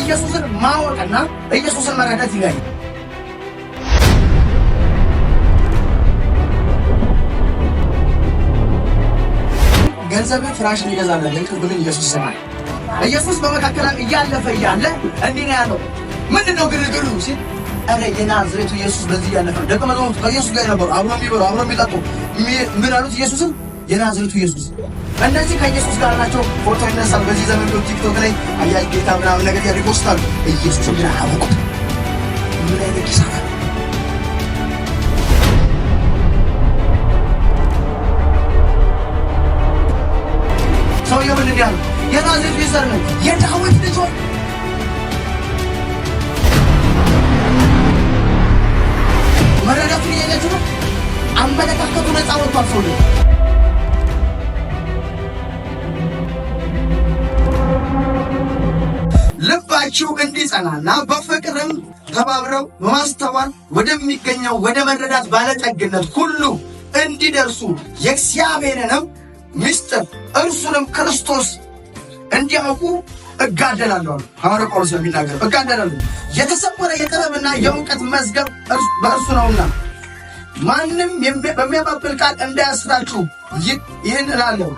ኢየሱስን ማወቅና ኢየሱስን መረዳት ይለያል። ገንዘብን ፍራሽ ሊገዛለን እንቅልፍን ኢየሱስ ይሰማል። ኢየሱስ በመካከላም እያለፈ እያለ እንዲህ ነው ያለው። ምንድን ነው ግርግሩ ሲል ኧረ የናዝሬቱ ኢየሱስ በዚህ እያለፈ ደቀ መዛሙርቱ ከኢየሱስ ጋር ነበሩ። አብሮ የሚበሉ አብሮ የሚጠጡ ምን አሉት ኢየሱስን የናዝሬቱ ኢየሱስ እነዚህ ከኢየሱስ ጋር ናቸው። ፎቶ ይነሳል። በዚህ ዘመን ቲክቶክ ላይ አያይ ጌታ ምናምን ነገር ያሪፖስታሉ። ኢየሱስ ግን አያውቁት። ምን አይነት ኪሳራ! ሰውየው ምን እንዲያሉ የናዝሬቱ ኢየሱስ ነው የዳዊት ልጅ መረዳቱን የለችነ አመለካከቱ ነፃ ወጥቷል ሰው ልባችሁ እንዲጸናና በፍቅርም ተባብረው በማስተዋል ወደሚገኘው ወደ መረዳት ባለጠግነት ሁሉ እንዲደርሱ የእግዚአብሔርንም ምስጢር እርሱንም ክርስቶስ እንዲያውቁ እጋደላለሁ ሐዋርያ ጳውሎስ የሚናገረው እጋደላለሁ። የተሰወረ የጥበብና የእውቀት መዝገብ በእርሱ ነውና ማንም በሚያባብል ቃል እንዳያስታችሁ ይህን እላለሁ።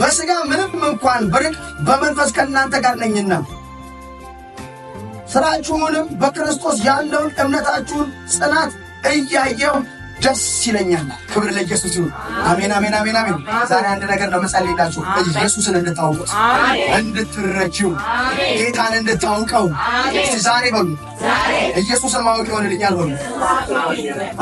በሥጋ ምንም እንኳን ብርቅ፣ በመንፈስ ከእናንተ ጋር ነኝና ስራችሁንም በክርስቶስ ያለውን እምነታችሁን ጽናት እያየው ደስ ይለኛል። ክብር ለኢየሱስ ይሁን። አሜን፣ አሜን፣ አሜን፣ አሜን። ዛሬ አንድ ነገር ነው ለመጸልይላችሁ ኢየሱስን እንድታውቁት፣ እንድትረጂው፣ ጌታን እንድታውቀው እስቲ ዛሬ በሉ ኢየሱስን ማወቅ ይሆንልኛል በሉ።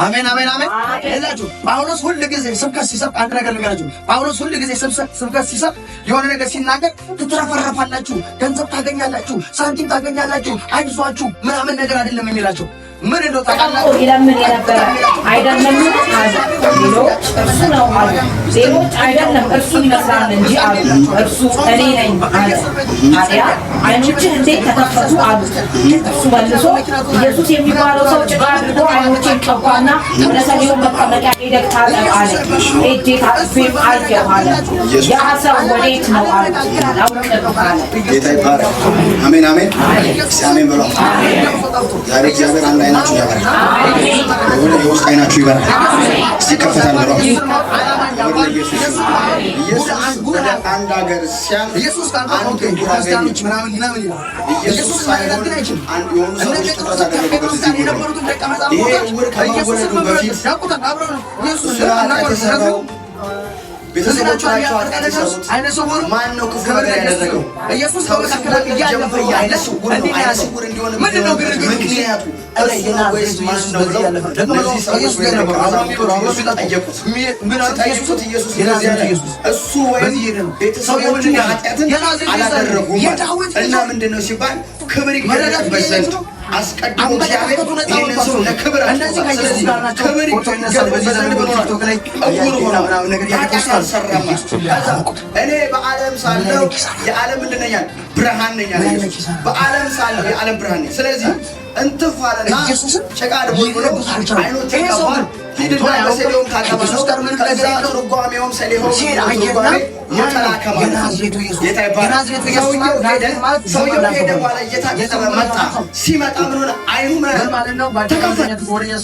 አሜን፣ አሜን፣ አሜን እላችሁ። ጳውሎስ ሁል ጊዜ ስብከት ሲሰብ አንድ ነገር ልንገራችሁ። ጳውሎስ ሁል ጊዜ ስብከት ሲሰብ የሆነ ነገር ሲናገር ትትረፈረፋላችሁ፣ ገንዘብ ታገኛላችሁ፣ ሳንቲም ታገኛላችሁ፣ አይዟችሁ ምናምን ነገር አይደለም የሚላቸው ምን እንደው ይለምን የነበረ አይደለም አለ። ሌሎች እሱ ነው አሉ። ሌሎች አይደለም እርሱ ይመስላል እንጂ አሉ። እርሱ እኔ ነኝ አለ። ታዲያ አይኖችህ እንዴት ተከፈቱ አሉ። መልሶ ኢየሱስ የሚባለው ሰው ጭቃ አድርጎ አይኖች እንደገባና ለሰውየው መቀመጫ ሄደህ ታጠብ አለ። ሄጄ ታጥቤ አየሁ አለ። ያ ሰው ወዴት ነው አለ። አውቅም አለ። ጌታ ይባረክ። አሜን አሜን። አሜን ብሎ ዛሬ እግዚአብሔር አንድ አይናችሁ ያበራል። የሆነ የውስጥ አይናችሁ ይበራል። እስቲ ከፈታል ብሎ ኢየሱስ አንድ ሀገር ሲያልፍ ኢየሱስ ክርስቲያኖች ምናምን ምናምን ይላል። ኢየሱስ ማይነትን አይችልም። እነ ጴጥሮስ ቤተክርስቲያን ቤተሰቦቻቸው ኃጢአት የሰሩት ማን ነው? ክፉ ቤተሰቦቹ ኃጢአትን ሲባል ክብር ይገለጥበት ዘንድ አስቀድሞ እግዚአብሔር ይህንን ሰው ለክብር እኔ በዓለም ሳለው የዓለም ምንድን ነኝ? ብርሃን ነኝ። በዓለም ሳለው የዓለም ብርሃን ነኝ። ስለዚህ እንትፏልና ጭቃድ ብሎ አይኖቹን ቀቧል። ሂድና በሰሊሆም ታጠበው። ሰውየው ሄደ ሰውየው ሄደ በኋላ እየታጠበ መጣ። ሲመጣ ምን ሆነ? አይኑ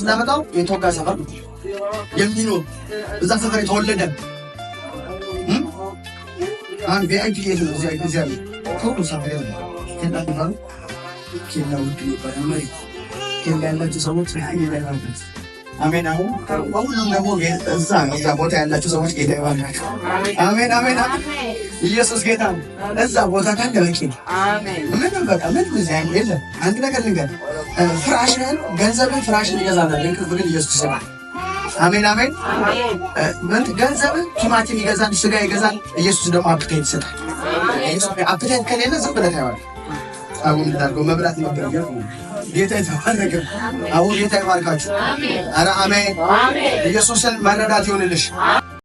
ስናመጣው የተወጋ ሰፈር የሚኖር እዛ ሰፈር የተወለደ ኬላ ውድ የሚባለው ላይ ኬላ ያላቸው ሰዎች ይበላበት። አሜን። አሁን ሁሉም ደግሞ እዛ እዛ ቦታ ያላቸው ሰዎች ጌታ ይባርካቸው። አሜን፣ አሜን፣ አሜን። ኢየሱስ ጌታ ነው። እዛ ቦታ ካለ በቂ ነው። ምንም በቃ ምንም እዚህ አይም የለም። አንድ ነገር ልንገር፣ ፍራሽን፣ ገንዘብን ፍራሽን ይገዛናል፣ እንቅልፍ ግን ኢየሱስ ይሰጣል። አሜን፣ አሜን። ገንዘብን ቲማቲም ይገዛል፣ ስጋ ይገዛል፣ ኢየሱስ ደግሞ አፕታይት ይሰጣል። አፕታይት ከሌለ ዝም ብለህ ታየዋለህ። አሁን እንዳልከው መብላት ነበር። ጌታ የተባረከ አሁን ጌታ ይባርካችሁ። አረ አሜን። ኢየሱስን መረዳት ይሆንልሽ።